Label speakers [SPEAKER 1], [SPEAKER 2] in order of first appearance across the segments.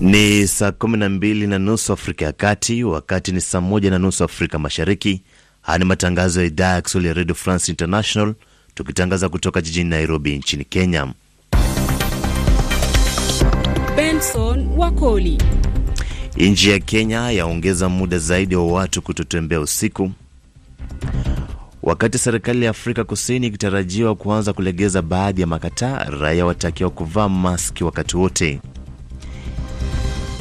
[SPEAKER 1] Ni saa kumi na mbili na nusu Afrika ya Kati, wakati ni saa moja na nusu Afrika Mashariki. Haya ni matangazo ya idhaa ya Kiswahili ya Radio France International, tukitangaza kutoka jijini Nairobi nchini Kenya.
[SPEAKER 2] Benson Wakoli.
[SPEAKER 1] Nchi ya Kenya yaongeza muda zaidi wa watu kutotembea usiku, wakati serikali ya Afrika Kusini ikitarajiwa kuanza kulegeza baadhi ya makataa, raia watakiwa kuvaa maski wakati wote.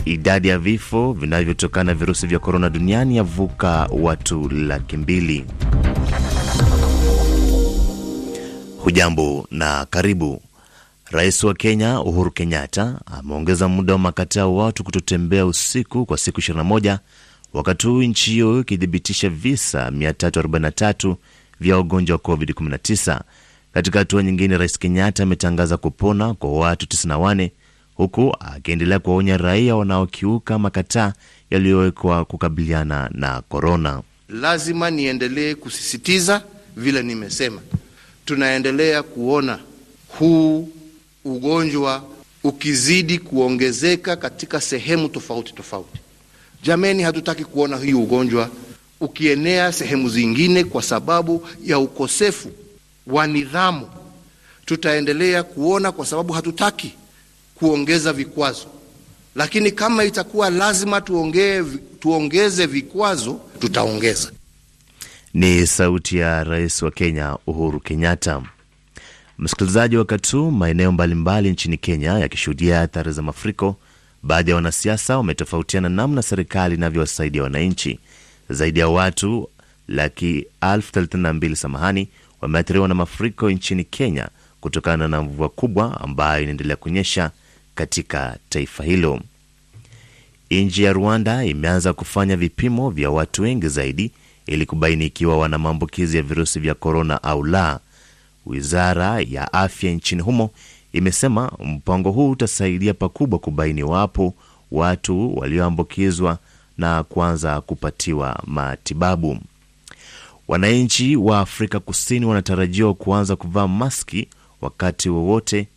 [SPEAKER 1] Idadi ya vifo vinavyotokana na virusi vya korona duniani yavuka watu laki mbili. Hujambo na karibu. Rais wa Kenya Uhuru Kenyatta ameongeza muda wa makataa watu kutotembea usiku kwa siku 21 wakati huu nchi hiyo ikithibitisha visa 343 vya ugonjwa wa COVID-19. Katika hatua nyingine, Rais Kenyatta ametangaza kupona kwa watu huku akiendelea kuwaonya raia wanaokiuka makataa yaliyowekwa kukabiliana na korona.
[SPEAKER 3] Lazima niendelee kusisitiza vile nimesema, tunaendelea kuona huu ugonjwa ukizidi kuongezeka katika sehemu tofauti tofauti. Jameni, hatutaki kuona hii ugonjwa ukienea sehemu zingine kwa sababu ya ukosefu wa nidhamu. Tutaendelea kuona kwa sababu hatutaki kuongeza vikwazo, lakini kama itakuwa lazima tuongee, tuongeze vikwazo tutaongeza.
[SPEAKER 1] Ni sauti ya rais wa Kenya Uhuru Kenyatta. Msikilizaji, wakati huu maeneo mbalimbali nchini Kenya yakishuhudia athari za mafuriko, baadhi ya wanasiasa wametofautiana namna serikali inavyowasaidia wananchi. Zaidi ya watu laki elfu thelathini na mbili samahani wameathiriwa na mafuriko nchini Kenya kutokana na mvua kubwa ambayo inaendelea kunyesha katika taifa hilo. Nchi ya Rwanda imeanza kufanya vipimo vya watu wengi zaidi ili kubaini ikiwa wana maambukizi ya virusi vya korona au la. Wizara ya afya nchini humo imesema mpango huu utasaidia pakubwa kubaini wapo watu walioambukizwa na kuanza kupatiwa matibabu. Wananchi wa Afrika Kusini wanatarajiwa kuanza kuvaa maski wakati wowote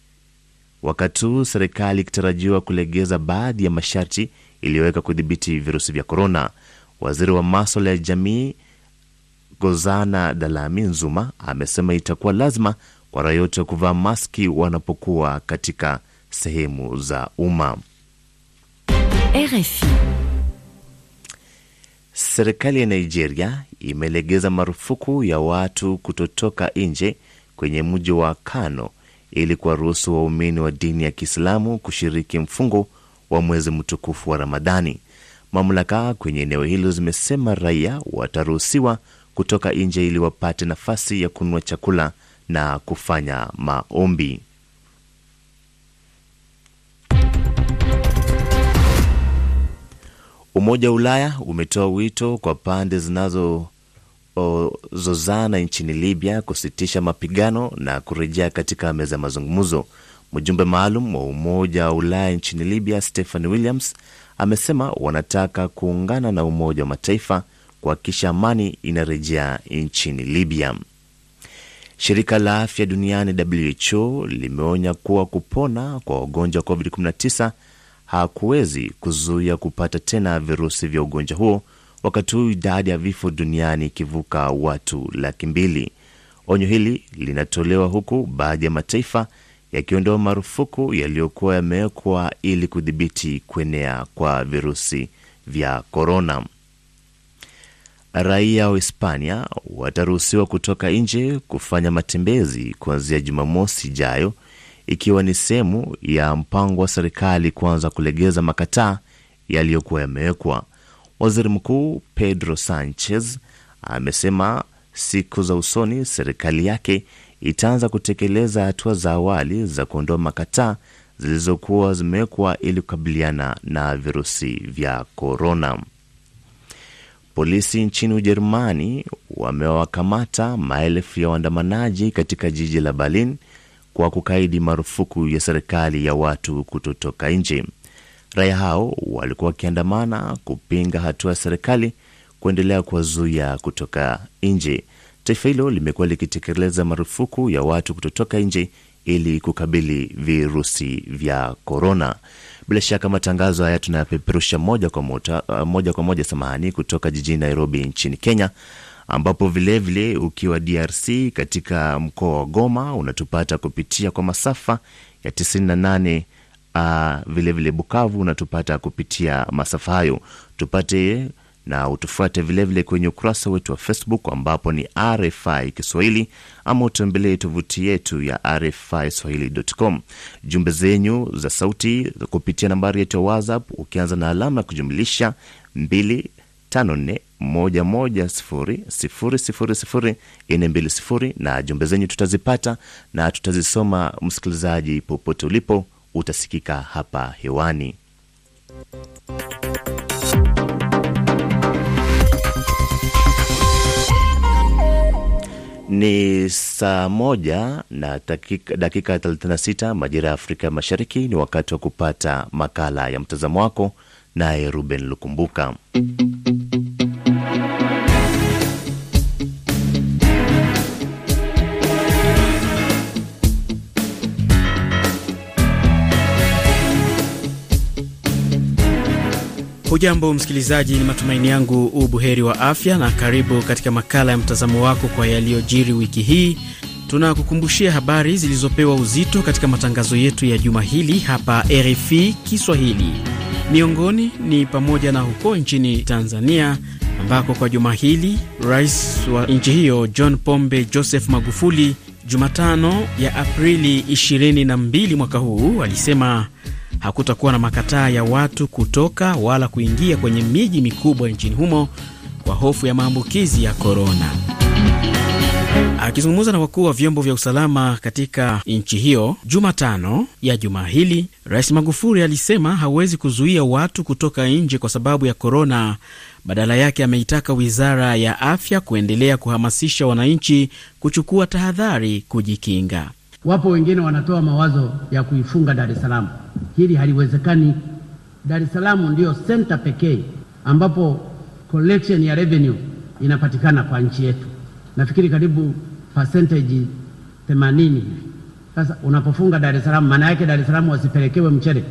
[SPEAKER 1] wakati huu serikali ikitarajiwa kulegeza baadhi ya masharti iliyoweka kudhibiti virusi vya korona. Waziri wa maswala ya jamii Gozana Dalami Nzuma amesema itakuwa lazima kwa raia yote kuvaa maski wanapokuwa katika sehemu za umma. Serikali ya Nigeria imelegeza marufuku ya watu kutotoka nje kwenye mji wa Kano ili kuwaruhusu waumini wa dini ya Kiislamu kushiriki mfungo wa mwezi mtukufu wa Ramadhani. Mamlaka kwenye eneo hilo zimesema raia wataruhusiwa kutoka nje ili wapate nafasi ya kununua chakula na kufanya maombi. Umoja wa Ulaya umetoa wito kwa pande zinazo zozana nchini Libya kusitisha mapigano na kurejea katika meza ya mazungumzo. Mjumbe maalum wa Umoja wa Ulaya nchini Libya Stephen Williams amesema wanataka kuungana na Umoja wa Mataifa kuhakikisha amani inarejea nchini Libya. Shirika la afya duniani WHO limeonya kuwa kupona kwa wagonjwa wa COVID-19 hakuwezi kuzuia kupata tena virusi vya ugonjwa huo wakati huu idadi ya vifo duniani ikivuka watu laki mbili. Onyo hili linatolewa huku baadhi ya mataifa yakiondoa marufuku yaliyokuwa yamewekwa ili kudhibiti kuenea kwa virusi vya korona. Raia wa Hispania wataruhusiwa kutoka nje kufanya matembezi kuanzia Jumamosi ijayo ikiwa ni sehemu ya mpango wa serikali kuanza kulegeza makataa yaliyokuwa yamewekwa. Waziri Mkuu Pedro Sanchez amesema siku za usoni serikali yake itaanza kutekeleza hatua za awali za kuondoa makataa zilizokuwa zimewekwa ili kukabiliana na virusi vya korona. Polisi nchini Ujerumani wamewakamata maelfu ya waandamanaji katika jiji la Berlin kwa kukaidi marufuku ya serikali ya watu kutotoka nje. Raia hao walikuwa wakiandamana kupinga hatua ya serikali kuendelea kuwazuia kutoka nje. Taifa hilo limekuwa likitekeleza marufuku ya watu kutotoka nje ili kukabili virusi vya korona. Bila shaka matangazo haya tunayapeperusha moja kwa moja, moja kwa moja samahani, kutoka jijini Nairobi nchini Kenya, ambapo vilevile vile ukiwa DRC katika mkoa wa Goma unatupata kupitia kwa masafa ya 98 vilevile ah, vile Bukavu unatupata kupitia masafa hayo. Tupate na utufuate vilevile kwenye ukurasa wetu wa Facebook ambapo ni RFI Kiswahili, ama utembelee tovuti yetu ya RFI Swahili.com. Jumbe zenyu za sauti kupitia nambari yetu ya WhatsApp ukianza na alama ya kujumlisha 2541100000420 na jumbe zenyu tutazipata na tutazisoma, msikilizaji, popote ulipo utasikika hapa hewani. Ni saa moja na dakika, dakika 36 majira ya Afrika Mashariki. Ni wakati wa kupata makala ya mtazamo wako, naye Ruben Lukumbuka.
[SPEAKER 2] Hujambo msikilizaji, ni matumaini yangu ubuheri wa afya, na karibu katika makala ya mtazamo wako kwa yaliyojiri wiki hii. Tunakukumbushia habari zilizopewa uzito katika matangazo yetu ya juma hili hapa RFI Kiswahili. Miongoni ni pamoja na huko nchini Tanzania ambako kwa juma hili rais wa nchi hiyo John Pombe Joseph Magufuli Jumatano ya Aprili 22 mwaka huu alisema hakutakuwa na makataa ya watu kutoka wala kuingia kwenye miji mikubwa nchini humo kwa hofu ya maambukizi ya korona. Akizungumza na wakuu wa vyombo vya usalama katika nchi hiyo Jumatano ya juma hili, Rais Magufuli alisema hawezi kuzuia watu kutoka nje kwa sababu ya korona. Badala yake ameitaka wizara ya afya kuendelea kuhamasisha wananchi kuchukua tahadhari kujikinga.
[SPEAKER 4] Wapo wengine wanatoa mawazo ya kuifunga Dar es Salaam. Hili haliwezekani. Dar es Salaam ndiyo senta pekee ambapo collection ya revenue inapatikana kwa nchi yetu, nafikiri karibu percentage 80 hivi. Sasa unapofunga Dar es Salaam, maana yake Dar es Salaam wasipelekewe mchele,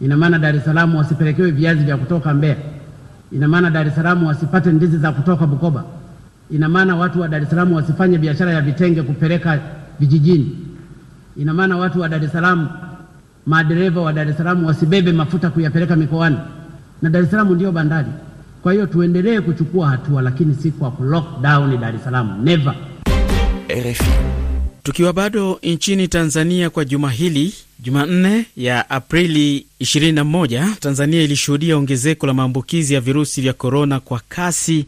[SPEAKER 4] ina maana Dar es Salaam wasipelekewe viazi vya kutoka Mbeya, ina maana Dar es Salaam wasipate ndizi za kutoka Bukoba, ina maana watu wa Dar es Salaam wasifanye biashara ya vitenge kupeleka vijijini. Ina maana watu wa Dar es Salaam, madereva wa Dar es Salaam wasibebe mafuta kuyapeleka mikoani, na Dar es Salaam ndiyo bandari. Kwa hiyo tuendelee kuchukua hatua, lakini si kwa lockdown Dar es Salaam, never.
[SPEAKER 2] RFI. Tukiwa bado nchini Tanzania kwa juma hili, Jumanne ya Aprili 21, Tanzania ilishuhudia ongezeko la maambukizi ya virusi vya korona kwa kasi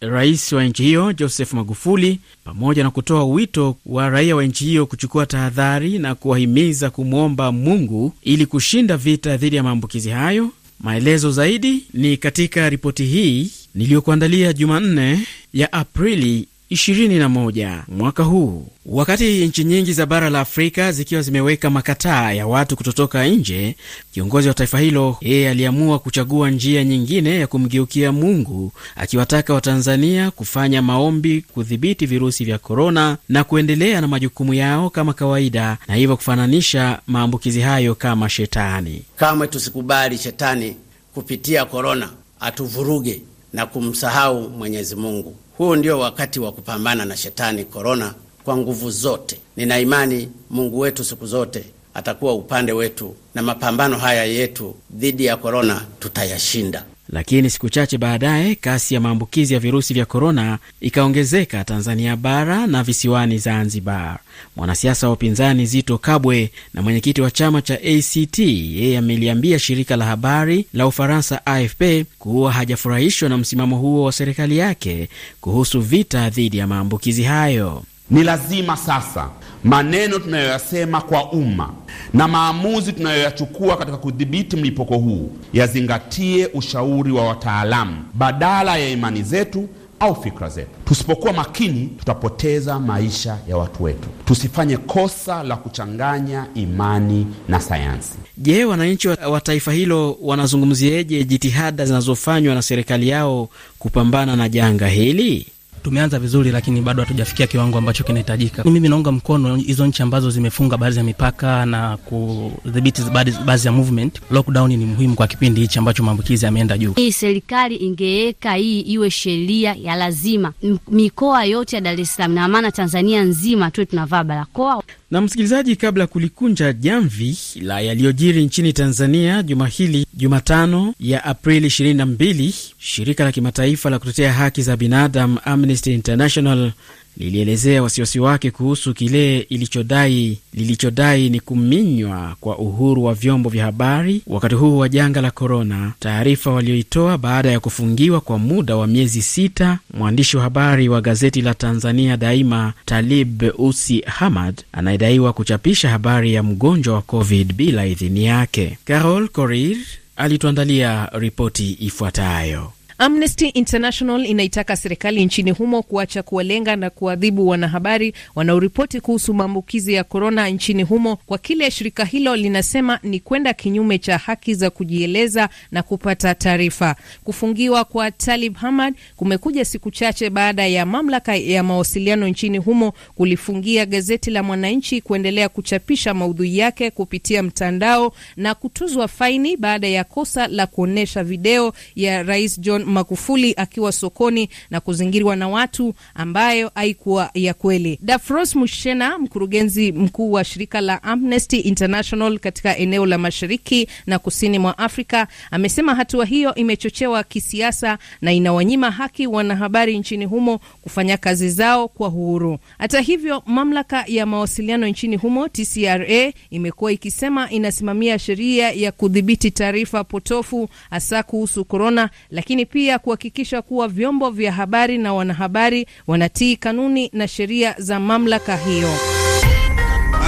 [SPEAKER 2] rais wa nchi hiyo Joseph Magufuli, pamoja na kutoa wito wa raia wa nchi hiyo kuchukua tahadhari na kuwahimiza kumwomba Mungu ili kushinda vita dhidi ya maambukizi hayo. Maelezo zaidi ni katika ripoti hii niliyokuandalia Jumanne ya Aprili 21 mwaka huu, wakati nchi nyingi za bara la Afrika zikiwa zimeweka makataa ya watu kutotoka nje. Kiongozi wa taifa hilo yeye aliamua kuchagua njia nyingine ya kumgeukia Mungu, akiwataka Watanzania kufanya maombi kudhibiti virusi vya korona na kuendelea na majukumu yao kama kawaida, na hivyo kufananisha maambukizi hayo kama shetani.
[SPEAKER 4] Kamwe tusikubali shetani kupitia korona atuvuruge na kumsahau Mwenyezi Mungu. Huu ndio wakati wa kupambana na shetani korona kwa nguvu zote. Nina imani Mungu wetu siku zote atakuwa upande wetu, na mapambano haya yetu dhidi ya korona tutayashinda.
[SPEAKER 2] Lakini siku chache baadaye kasi ya maambukizi ya virusi vya korona ikaongezeka Tanzania bara na visiwani Zanzibar. Mwanasiasa wa upinzani Zito Kabwe na mwenyekiti wa chama cha ACT yeye ameliambia shirika la habari la Ufaransa AFP kuwa hajafurahishwa na msimamo huo wa serikali yake kuhusu vita dhidi ya maambukizi hayo. Ni lazima sasa maneno tunayoyasema kwa umma na maamuzi tunayoyachukua katika kudhibiti mlipuko huu yazingatie ushauri wa wataalamu badala ya imani zetu au fikra zetu. Tusipokuwa makini, tutapoteza maisha
[SPEAKER 1] ya watu wetu.
[SPEAKER 2] Tusifanye kosa la kuchanganya
[SPEAKER 4] imani na sayansi.
[SPEAKER 2] Je, wananchi wa taifa hilo wanazungumzieje jitihada zinazofanywa na serikali yao kupambana na janga hili?
[SPEAKER 5] tumeanza vizuri, lakini bado hatujafikia kiwango ambacho kinahitajika. Mimi naunga mkono hizo nchi ambazo zimefunga baadhi ya
[SPEAKER 2] mipaka na kudhibiti baadhi ya movement. Lockdown ni muhimu kwa kipindi hichi ambacho maambukizi yameenda juu. Hii
[SPEAKER 4] serikali ingeweka hii iwe sheria ya lazima, mikoa yote ya Dar es Salaam na maana Tanzania nzima tuwe tunavaa barakoa.
[SPEAKER 2] Na msikilizaji, kabla ya kulikunja jamvi la yaliyojiri nchini Tanzania juma hili, Jumatano ya Aprili 22, shirika la kimataifa la kutetea haki za binadamu Amnesty International lilielezea wasiwasi wake kuhusu kile ilichodai lilichodai ni kuminywa kwa uhuru wa vyombo vya habari wakati huu wa janga la korona. Taarifa walioitoa baada ya kufungiwa kwa muda wa miezi sita, mwandishi wa habari wa gazeti la Tanzania Daima Talib Usi Hamad anayedaiwa kuchapisha habari ya mgonjwa wa COVID bila idhini yake. Carol Korir alituandalia ripoti ifuatayo.
[SPEAKER 6] Amnesty International inaitaka serikali nchini humo kuacha kuwalenga na kuadhibu wanahabari wanaoripoti kuhusu maambukizi ya korona nchini humo kwa kile shirika hilo linasema ni kwenda kinyume cha haki za kujieleza na kupata taarifa. Kufungiwa kwa Talib Hamad kumekuja siku chache baada ya mamlaka ya mawasiliano nchini humo kulifungia gazeti la Mwananchi kuendelea kuchapisha maudhui yake kupitia mtandao na kutuzwa faini baada ya kosa la kuonyesha video ya Rais John Magufuli akiwa sokoni na kuzingirwa na watu ambayo haikuwa ya kweli. Dafros Mushena, mkurugenzi mkuu wa shirika la Amnesty International katika eneo la mashariki na kusini mwa Afrika, amesema hatua hiyo imechochewa kisiasa na inawanyima haki wanahabari nchini humo kufanya kazi zao kwa uhuru. Hata hivyo, mamlaka ya mawasiliano nchini humo TCRA imekuwa ikisema inasimamia sheria ya kudhibiti taarifa potofu hasa kuhusu korona, lakini pia pia kuhakikisha kuwa vyombo vya habari na wanahabari wanatii kanuni na sheria za mamlaka hiyo.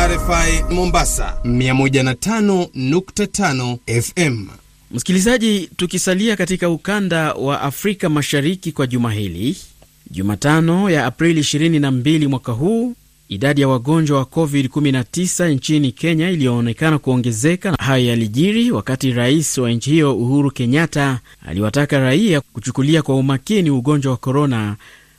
[SPEAKER 5] RFI
[SPEAKER 7] Mombasa 105.5 FM. Msikilizaji,
[SPEAKER 2] tukisalia katika ukanda wa Afrika Mashariki kwa juma hili, Jumatano ya Aprili 22 mwaka huu Idadi ya wagonjwa wa COVID-19 nchini Kenya iliyoonekana kuongezeka, na hayo yalijiri wakati rais wa nchi hiyo Uhuru Kenyatta aliwataka raia kuchukulia kwa umakini ugonjwa wa korona,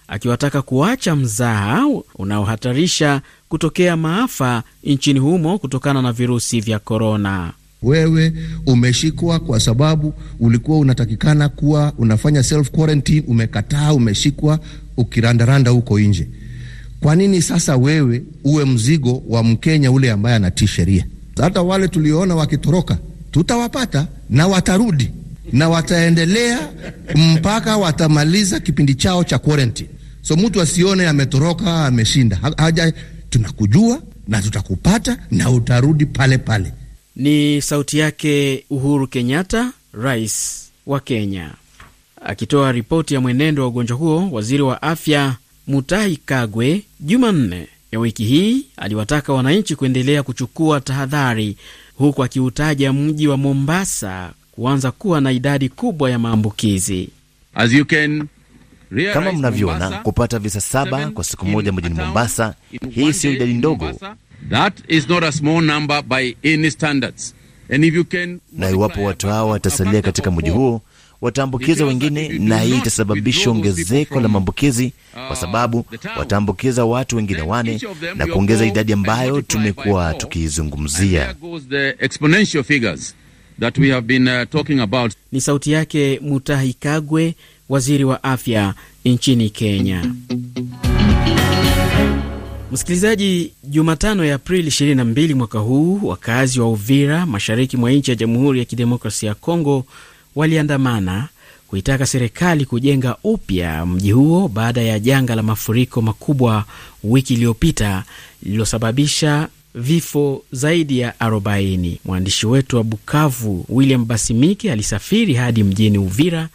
[SPEAKER 2] akiwataka kuacha mzaha unaohatarisha kutokea maafa nchini humo kutokana na virusi vya korona.
[SPEAKER 3] Wewe umeshikwa kwa sababu ulikuwa unatakikana kuwa unafanya self quarantine, umekataa, umeshikwa ukirandaranda huko nje. Kwa nini sasa wewe uwe mzigo wa Mkenya ule ambaye anatii sheria? Hata wale tulioona wakitoroka tutawapata na watarudi na wataendelea mpaka watamaliza kipindi chao cha quarantine. So mtu asione ametoroka ameshinda, haja tunakujua na tutakupata na utarudi pale pale.
[SPEAKER 2] Ni sauti yake Uhuru Kenyatta, rais wa Kenya, akitoa ripoti ya mwenendo wa ugonjwa huo. Waziri wa afya Mutahi Kagwe Jumanne ya wiki hii aliwataka wananchi kuendelea kuchukua tahadhari, huku akiutaja mji wa Mombasa kuanza kuwa na idadi
[SPEAKER 1] kubwa ya maambukizi. Kama mnavyoona kupata visa saba kwa siku moja mjini Mombasa, hii siyo idadi ndogo. Na iwapo watu hawa watasalia katika mji huo wataambukiza wengine, na hii itasababisha ongezeko la maambukizi, kwa sababu wataambukiza watu wengine wane na kuongeza idadi ambayo tumekuwa tukiizungumzia.
[SPEAKER 7] Uh, ni sauti
[SPEAKER 2] yake Mutahi Kagwe, waziri wa afya nchini Kenya. Msikilizaji, Jumatano ya Aprili 22 mwaka huu, wakazi wa Uvira, mashariki mwa nchi ya Jamhuri ya Kidemokrasia ya Kongo waliandamana kuitaka serikali kujenga upya mji huo baada ya janga la mafuriko makubwa wiki iliyopita lililosababisha vifo zaidi ya 40. Mwandishi wetu wa Bukavu William Basimike alisafiri hadi mjini Uvira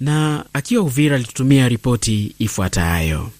[SPEAKER 2] na akiwa Uvira alitutumia ripoti ifuatayo.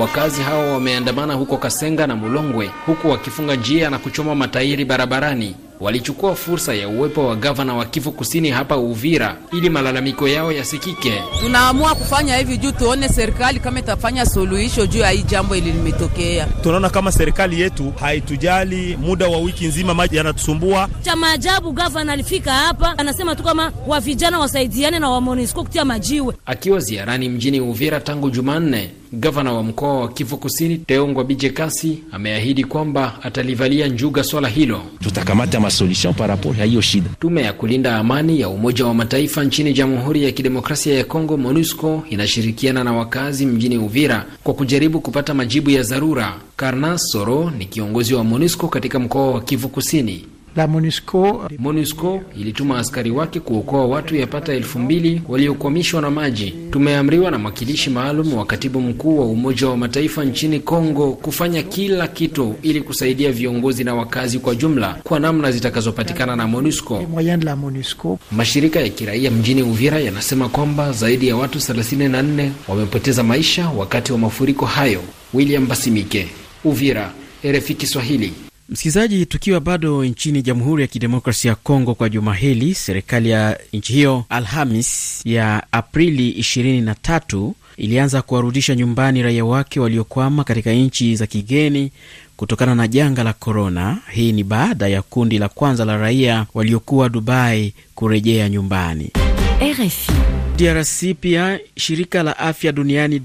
[SPEAKER 5] Wakazi hao wameandamana huko Kasenga na Mulongwe, huku wakifunga njia na kuchoma matairi barabarani walichukua fursa ya uwepo wa gavana wa Kivu Kusini hapa Uvira ili malalamiko yao yasikike.
[SPEAKER 4] Tunaamua kufanya hivi juu tuone serikali kama
[SPEAKER 6] itafanya suluhisho
[SPEAKER 4] juu ya hii jambo ili limetokea.
[SPEAKER 5] Tunaona kama serikali yetu haitujali, muda wa wiki nzima maji yanatusumbua.
[SPEAKER 6] Cha maajabu, gavana alifika hapa anasema tu kama wa vijana wasaidiane na wa MONUSCO kutia majiwe.
[SPEAKER 5] Akiwa ziarani mjini Uvira tangu Jumanne, gavana wa mkoa wa Kivu Kusini Teongwa Bijekasi ameahidi kwamba atalivalia njuga swala hilo. Tutakamata kama solution par rapport ya hiyo shida. Tume ya kulinda amani ya Umoja wa Mataifa nchini Jamhuri ya Kidemokrasia ya Kongo, MONUSCO, inashirikiana na wakazi mjini Uvira kwa kujaribu kupata majibu ya dharura. Karna Soro ni kiongozi wa MONUSCO katika mkoa wa Kivu Kusini la MONUSCO. MONUSCO ilituma askari wake kuokoa watu yapata elfu mbili waliokwamishwa na maji. Tumeamriwa na mwakilishi maalum wa katibu mkuu wa Umoja wa Mataifa nchini Kongo kufanya kila kitu ili kusaidia viongozi na wakazi kwa jumla kwa namna zitakazopatikana na
[SPEAKER 7] MONUSCO.
[SPEAKER 5] Mashirika ya kiraia mjini Uvira yanasema kwamba zaidi ya watu 34 wamepoteza maisha wakati wa mafuriko hayo. William Basimike, Uvira, RFI Kiswahili.
[SPEAKER 2] Msikilizaji, tukiwa bado nchini Jamhuri ya Kidemokrasia ya Kongo, kwa juma hili serikali ya nchi hiyo Alhamis ya Aprili 23 ilianza kuwarudisha nyumbani raia wake waliokwama katika nchi za kigeni kutokana na janga la korona. Hii ni baada ya kundi la kwanza la raia waliokuwa Dubai kurejea nyumbani. RFI. DRC pia shirika la afya duniani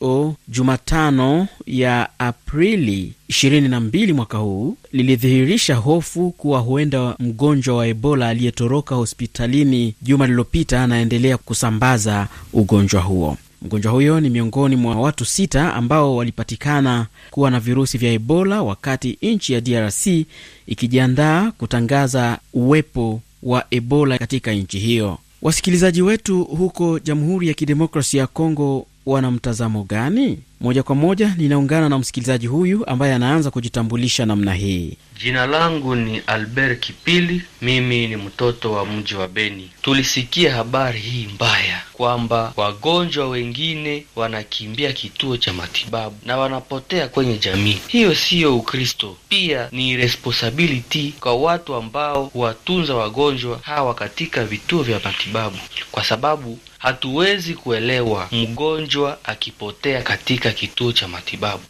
[SPEAKER 2] WHO Jumatano ya Aprili 22 mwaka huu lilidhihirisha hofu kuwa huenda mgonjwa wa Ebola aliyetoroka hospitalini juma lililopita anaendelea kusambaza ugonjwa huo. Mgonjwa huyo ni miongoni mwa watu sita ambao walipatikana kuwa na virusi vya Ebola wakati nchi ya DRC ikijiandaa kutangaza uwepo wa Ebola katika nchi hiyo. Wasikilizaji wetu huko Jamhuri ya Kidemokrasia ya Kongo wana mtazamo gani? Moja kwa moja ninaungana na msikilizaji huyu ambaye anaanza kujitambulisha namna hii.
[SPEAKER 4] Jina langu ni Albert Kipili, mimi ni mtoto wa mji wa Beni. Tulisikia habari hii mbaya kwamba wagonjwa wengine wanakimbia kituo cha matibabu na wanapotea kwenye jamii. Hiyo siyo Ukristo, pia ni responsibility kwa watu ambao huwatunza wagonjwa hawa katika vituo vya matibabu, kwa sababu Hatuwezi kuelewa mgonjwa akipotea katika kituo cha matibabu.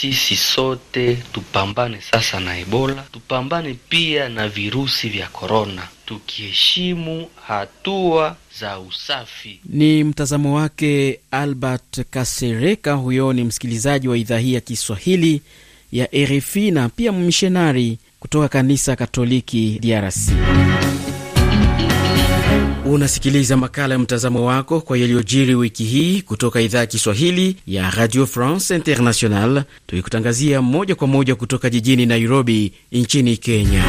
[SPEAKER 4] Sisi sote tupambane sasa na Ebola, tupambane pia na virusi vya korona, tukiheshimu hatua za usafi.
[SPEAKER 2] Ni mtazamo wake Albert Kasereka. Huyo ni msikilizaji wa idhaa hii ya Kiswahili ya RFI na pia mmishonari kutoka kanisa Katoliki DRC. Unasikiliza makala ya mtazamo wako kwa yaliyojiri wiki hii kutoka idhaa ya Kiswahili ya Radio France International, tukikutangazia moja kwa moja kutoka jijini Nairobi nchini Kenya.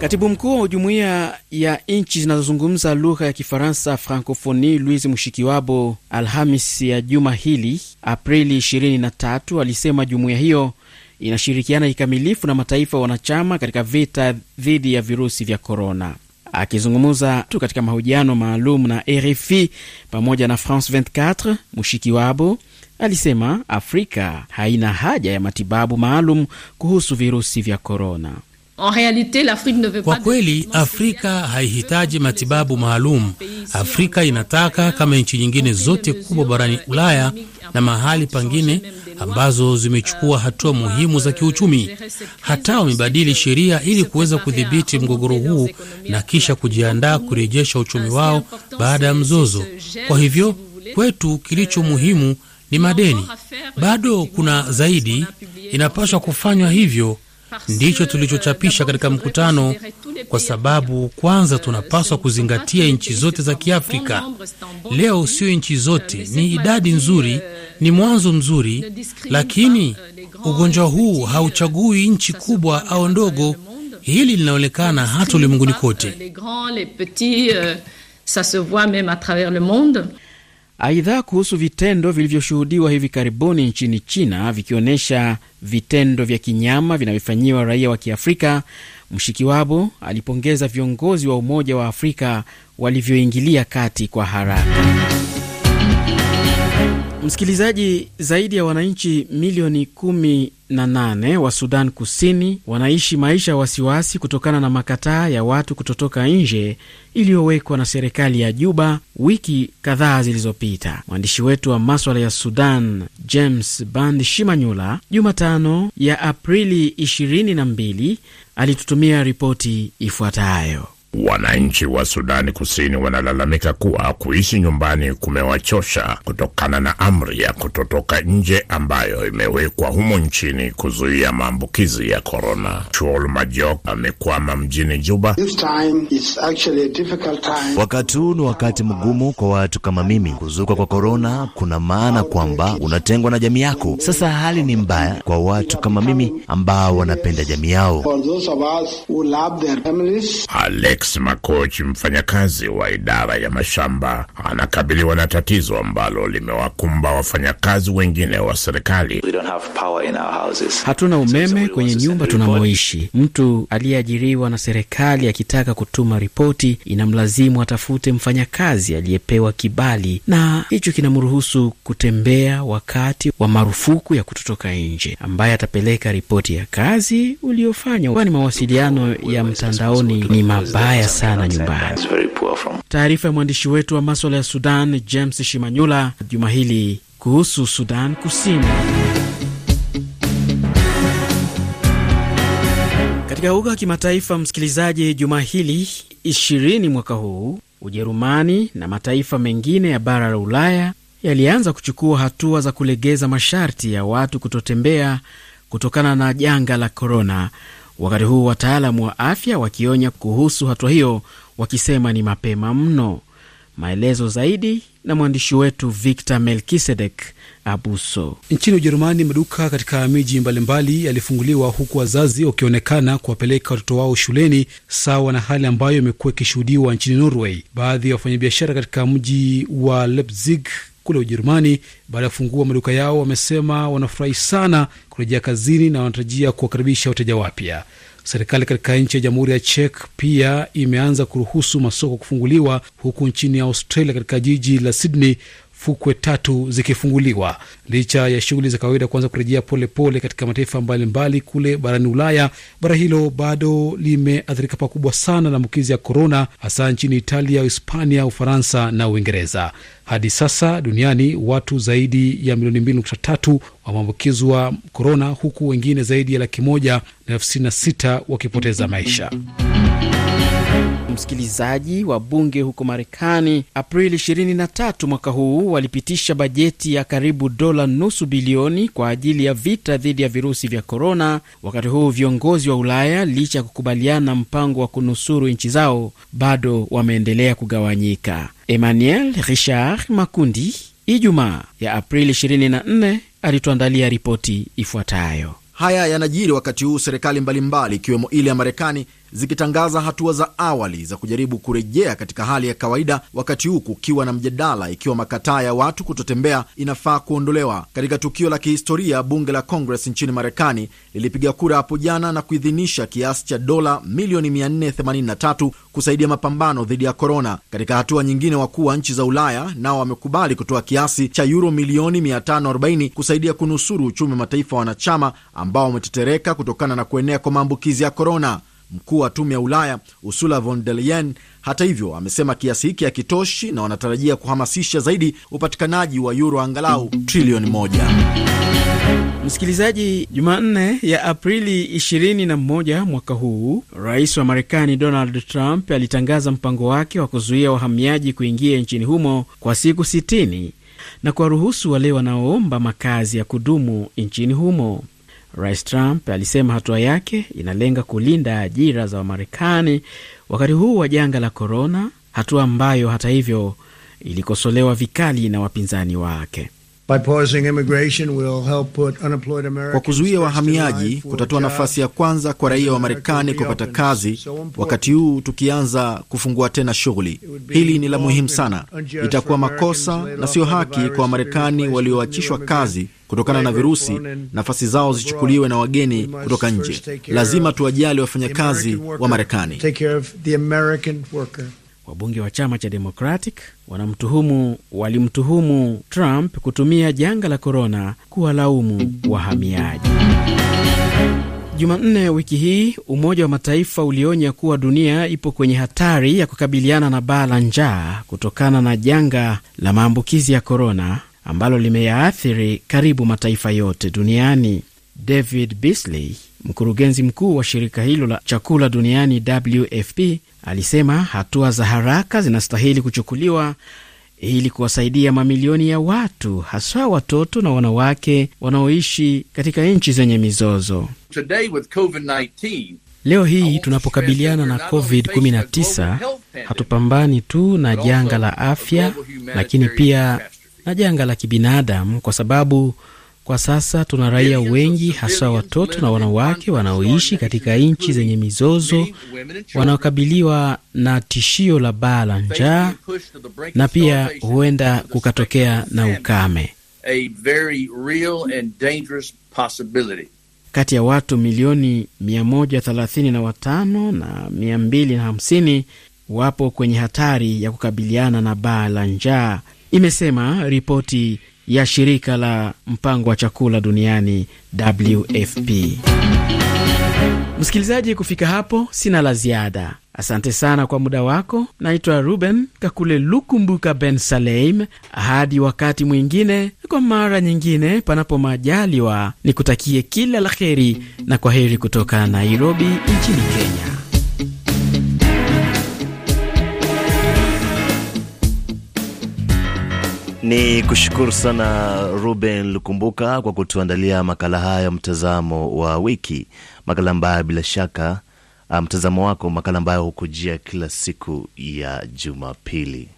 [SPEAKER 2] Katibu mkuu wa jumuiya ya nchi zinazozungumza lugha ya Kifaransa, Francofoni, Louise Mushikiwabo, Alhamis ya juma hili Aprili 23, alisema jumuiya hiyo inashirikiana kikamilifu na mataifa wanachama katika vita dhidi ya virusi vya korona. Akizungumza tu katika mahojiano maalum na RFI pamoja na France 24, wabo alisema Afrika haina haja ya matibabu maalum
[SPEAKER 5] kuhusu virusi vya korona. Kwa kweli Afrika haihitaji matibabu maalum. Afrika inataka kama nchi nyingine zote kubwa barani Ulaya na mahali pangine ambazo zimechukua hatua muhimu za kiuchumi. Hata wamebadili sheria ili kuweza kudhibiti mgogoro huu na kisha kujiandaa kurejesha uchumi wao baada ya mzozo. Kwa hivyo kwetu kilicho muhimu ni madeni. Bado kuna zaidi inapaswa kufanywa, hivyo ndicho tulichochapisha katika mkutano, kwa sababu kwanza tunapaswa kuzingatia nchi zote za Kiafrika. Leo sio nchi zote, ni idadi nzuri ni mwanzo mzuri, lakini euh, ugonjwa huu euh, hauchagui nchi kubwa au ndogo. Hili linaonekana hata ulimwenguni kote.
[SPEAKER 6] Euh, Aidha,
[SPEAKER 2] kuhusu vitendo vilivyoshuhudiwa hivi karibuni nchini China vikionyesha vitendo vya kinyama vinavyofanyiwa raia wa Kiafrika, Mshikiwabo alipongeza viongozi wa Umoja wa Afrika walivyoingilia kati kwa haraka. Msikilizaji, zaidi ya wananchi milioni kumi na nane wa Sudan Kusini wanaishi maisha ya wasiwasi kutokana na makataa ya watu kutotoka nje iliyowekwa na serikali ya Juba wiki kadhaa zilizopita. Mwandishi wetu wa maswala ya Sudan James Band Shimanyula Jumatano ya Aprili 22 alitutumia ripoti ifuatayo.
[SPEAKER 1] Wananchi wa Sudani Kusini wanalalamika kuwa kuishi nyumbani kumewachosha kutokana na amri ya kutotoka nje ambayo imewekwa humo nchini kuzuia maambukizi ya korona. Chuol Majok amekwama mjini Juba. Wakati huu ni wakati mgumu kwa watu kama mimi. Kuzuka kwa korona kuna maana kwamba unatengwa na jamii yako. Sasa hali ni mbaya kwa watu kama mimi ambao wanapenda jamii yao. Alex Makoch, mfanyakazi wa idara ya mashamba, anakabiliwa na tatizo ambalo limewakumba wafanyakazi wengine wa serikali.
[SPEAKER 2] Hatuna umeme kwenye nyumba tunamoishi. Mtu aliyeajiriwa na serikali akitaka kutuma ripoti, inamlazimu atafute mfanyakazi aliyepewa kibali, na hicho kinamruhusu kutembea wakati wa marufuku ya kutotoka nje, ambaye atapeleka ripoti ya kazi uliofanya, kwani mawasiliano ya mtandaoni ni mabaya mbaya sana nyumbani. Taarifa ya mwandishi wetu wa maswala ya Sudan James Shimanyula juma hili kuhusu Sudan Kusini. Katika uga wa kimataifa, msikilizaji, juma hili ishirini mwaka huu Ujerumani na mataifa mengine ya bara la Ulaya yalianza kuchukua hatua za kulegeza masharti ya watu kutotembea kutokana na janga la korona, wakati huu wataalamu wa afya wakionya kuhusu hatua hiyo wakisema ni mapema mno. Maelezo zaidi na mwandishi wetu Victor Melkisedek Abuso. Nchini Ujerumani, maduka katika miji mbalimbali yalifunguliwa huku wazazi wakionekana kuwapeleka watoto wao shuleni, sawa na hali ambayo imekuwa ikishuhudiwa nchini Norway. Baadhi ya wafanyabiashara katika mji wa lepzig kule
[SPEAKER 5] Ujerumani baada ya kufungua maduka yao, wamesema wanafurahi sana kurejea kazini na wanatarajia kuwakaribisha wateja wapya. Serikali katika nchi ya Jamhuri ya Czech pia imeanza kuruhusu masoko kufunguliwa, huku nchini Australia katika jiji la Sydney fukwe
[SPEAKER 2] tatu zikifunguliwa licha ya shughuli za kawaida kuanza kurejea polepole katika mataifa mbalimbali kule barani Ulaya. Bara hilo bado limeathirika pakubwa sana na maambukizi ya korona, hasa nchini Italia, Hispania, Ufaransa na Uingereza. Hadi sasa duniani watu zaidi ya milioni mbili nukta tatu wameambukizwa korona, huku wengine zaidi ya laki moja na elfu sitini na sita wakipoteza maisha. Msikilizaji, wa bunge huko Marekani Aprili 23 mwaka huu walipitisha bajeti ya karibu dola nusu bilioni kwa ajili ya vita dhidi ya virusi vya korona. Wakati huu viongozi wa Ulaya, licha ya kukubaliana mpango wa kunusuru nchi zao, bado wameendelea kugawanyika. Emmanuel Richard Makundi Ijumaa ya Aprili 24 alituandalia ripoti ifuatayo.
[SPEAKER 7] Haya yanajiri wakati huu serikali mbalimbali ikiwemo ile ya Marekani zikitangaza hatua za awali za kujaribu kurejea katika hali ya kawaida, wakati huu kukiwa na mjadala ikiwa makataa ya watu kutotembea inafaa kuondolewa. Katika tukio la kihistoria, bunge la Congress nchini Marekani lilipiga kura hapo jana na kuidhinisha kiasi cha dola milioni 483 kusaidia mapambano dhidi ya korona. Katika hatua nyingine, wakuu wa nchi za Ulaya nao wamekubali kutoa kiasi cha yuro milioni 540 kusaidia kunusuru uchumi wa mataifa wanachama ambao wametetereka kutokana na kuenea kwa maambukizi ya korona. Mkuu wa tume ya Ulaya Ursula von der Leyen hata hivyo amesema kiasi hiki hakitoshi na wanatarajia kuhamasisha zaidi upatikanaji wa yuro angalau trilioni moja. Msikilizaji, Jumanne ya
[SPEAKER 2] Aprili 21 mwaka huu, rais wa Marekani Donald Trump alitangaza mpango wake wa kuzuia wahamiaji kuingia nchini humo kwa siku 60 na kuwaruhusu wale wanaoomba makazi ya kudumu nchini humo. Rais Trump alisema hatua yake inalenga kulinda ajira za Wamarekani wakati huu wa janga la korona, hatua ambayo hata hivyo ilikosolewa vikali na wapinzani wake.
[SPEAKER 3] Kwa
[SPEAKER 7] kuzuia wahamiaji, kutatua nafasi ya kwanza kwa raia wa Marekani kupata kazi, wakati huu tukianza kufungua tena shughuli. Hili ni la muhimu sana. Itakuwa makosa na sio haki kwa Wamarekani walioachishwa kazi kutokana na virusi, nafasi zao zichukuliwe na wageni kutoka nje. Lazima tuwajali wafanyakazi wa Marekani.
[SPEAKER 2] Wabunge wa chama cha Democratic wanamtuhumu walimtuhumu Trump kutumia janga la korona kuwalaumu wahamiaji. Jumanne wiki hii Umoja wa Mataifa ulionya kuwa dunia ipo kwenye hatari ya kukabiliana na baa la njaa kutokana na janga la maambukizi ya korona ambalo limeyaathiri karibu mataifa yote duniani. David bisley Mkurugenzi mkuu wa shirika hilo la chakula duniani WFP alisema hatua za haraka zinastahili kuchukuliwa ili kuwasaidia mamilioni ya watu haswa watoto na wanawake wanaoishi katika nchi zenye mizozo.
[SPEAKER 7] Today with COVID-19,
[SPEAKER 2] leo hii tunapokabiliana na COVID-19 hatupambani tu na janga la afya,
[SPEAKER 7] lakini pia
[SPEAKER 2] na janga la kibinadamu kwa sababu kwa sasa tuna raia wengi, hasa watoto na wanawake, wanaoishi katika nchi zenye mizozo, wanaokabiliwa na tishio la baa la njaa, na pia huenda kukatokea na ukame. Kati ya watu milioni 135 na 250 wapo kwenye hatari ya kukabiliana na baa la njaa, imesema ripoti ya shirika la mpango wa chakula duniani WFP. Msikilizaji, kufika hapo sina la ziada. Asante sana kwa muda wako. Naitwa Ruben Kakule Lukumbuka Ben Saleim. Hadi wakati mwingine, kwa mara nyingine, panapo majaliwa, nikutakie kila la heri na kwa heri kutoka Nairobi nchini Kenya.
[SPEAKER 1] Ni kushukuru sana Ruben Lukumbuka kwa kutuandalia makala haya, mtazamo wa wiki, makala ambayo bila shaka ah, mtazamo wako, makala ambayo hukujia kila siku ya Jumapili.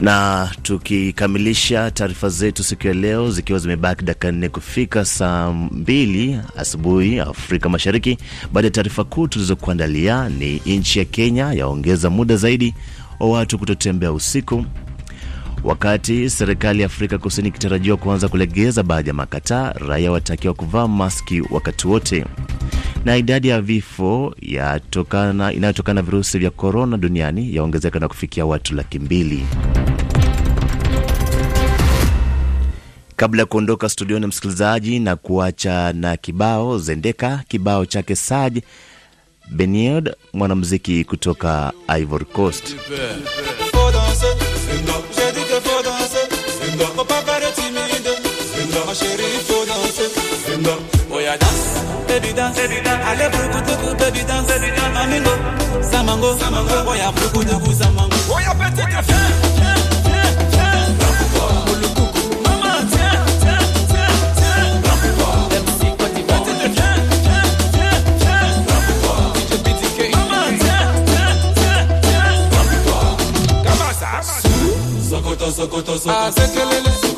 [SPEAKER 1] na tukikamilisha taarifa zetu siku ya leo zikiwa zimebaki dakika nne kufika saa mbili asubuhi Afrika Mashariki. Baada ya taarifa kuu tulizokuandalia ni nchi ya Kenya yaongeza muda zaidi wa watu kutotembea usiku, wakati serikali ya Afrika Kusini ikitarajiwa kuanza kulegeza baadhi ya makataa, raia watakiwa kuvaa maski wakati wote. Na idadi ya vifo inayotokana na virusi vya korona duniani yaongezeka na kufikia watu laki mbili. Kabla ya kuondoka studioni, msikilizaji, na kuacha na kibao Zendeka, kibao chake Saj Beniod, mwanamuziki kutoka Ivory Coast.
[SPEAKER 6] Allez, poukou,
[SPEAKER 2] poukou, baby danse. Amingo, samango, samango. Oya, poukou, samango. Oya, petite, viens.
[SPEAKER 5] Sokoto, Sokoto, Sokoto. Ah,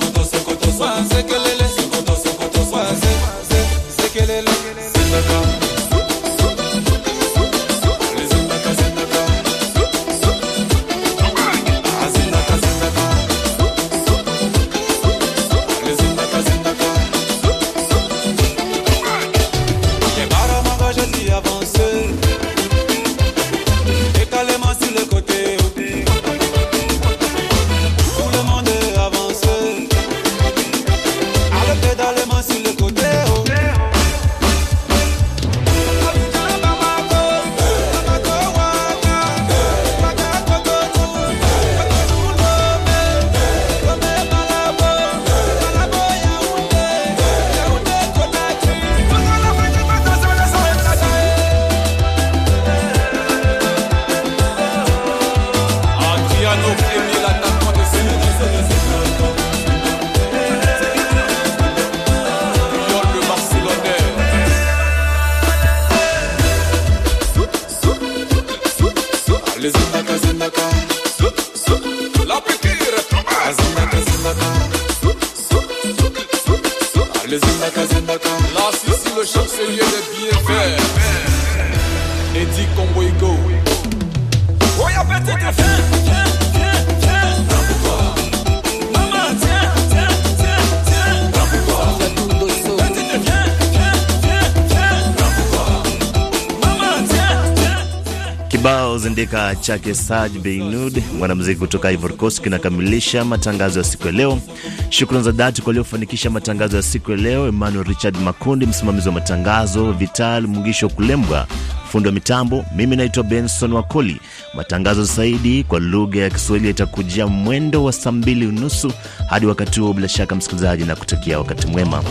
[SPEAKER 1] kuzindika chake Saj Beinud, mwanamuziki kutoka Ivory Coast, kinakamilisha matangazo ya siku ya leo. Shukrani za dhati kwa waliofanikisha matangazo ya siku ya leo, Emmanuel Richard Makundi, msimamizi wa matangazo, Vital Mugisho Kulembwa, fundi wa mitambo. Mimi naitwa Benson Wakoli. Matangazo zaidi kwa lugha ya Kiswahili yatakujia mwendo wa saa mbili unusu. Hadi wakati huo, bila shaka msikilizaji, na kutakia wakati mwema.